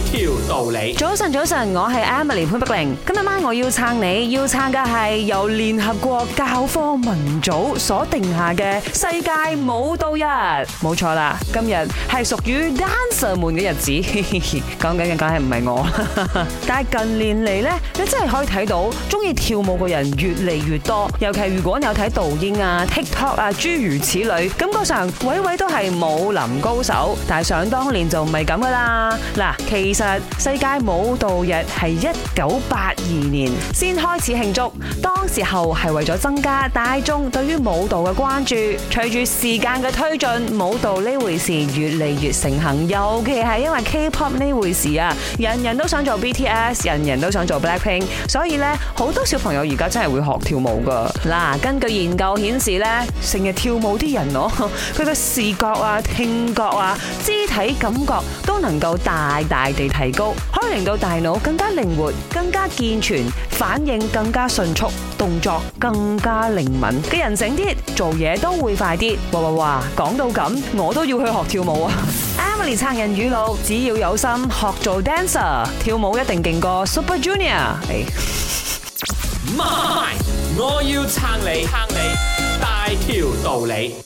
跳道理。早晨，早晨，我係 Emily 潘碧玲。今日晚我要撐你，要撐嘅係由聯合國教科文組所定下嘅世界舞蹈日。冇錯啦，今日係屬於 dancer 們嘅日子呵呵。講緊嘅梗係唔係我。但係近年嚟呢，你真係可以睇到中意跳舞嘅人越嚟越多。尤其如果你有睇抖音啊、TikTok 啊諸如此類那，感覺上位位都係武林高手。但係想當年就唔係咁噶啦。嗱，其實世界舞蹈日係一九八二年先開始慶祝，當時候係為咗增加大眾對於舞蹈嘅關注。隨住時間嘅推進，舞蹈呢回事越嚟越盛行，尤其係因為 K-pop 呢回事啊，人人都想做 BTS，人人都想做 Blackpink，所以咧好多小朋友而家真係會學跳舞噶。嗱，根據研究顯示咧，成日跳舞啲人咯，佢個視覺啊、聽覺啊、肢體感覺都能夠大大地提高，可以令到大腦更加靈活、更加健全、反應更加迅速、動作更加靈敏，個人醒啲，做嘢都會快啲。嘩嘩嘩，講到咁，我都要去學跳舞啊！Emily 撐人語錄，只要有心學做 dancer，跳舞一定勁過 Super Junior。媽，我要撐你，撐你大條道理。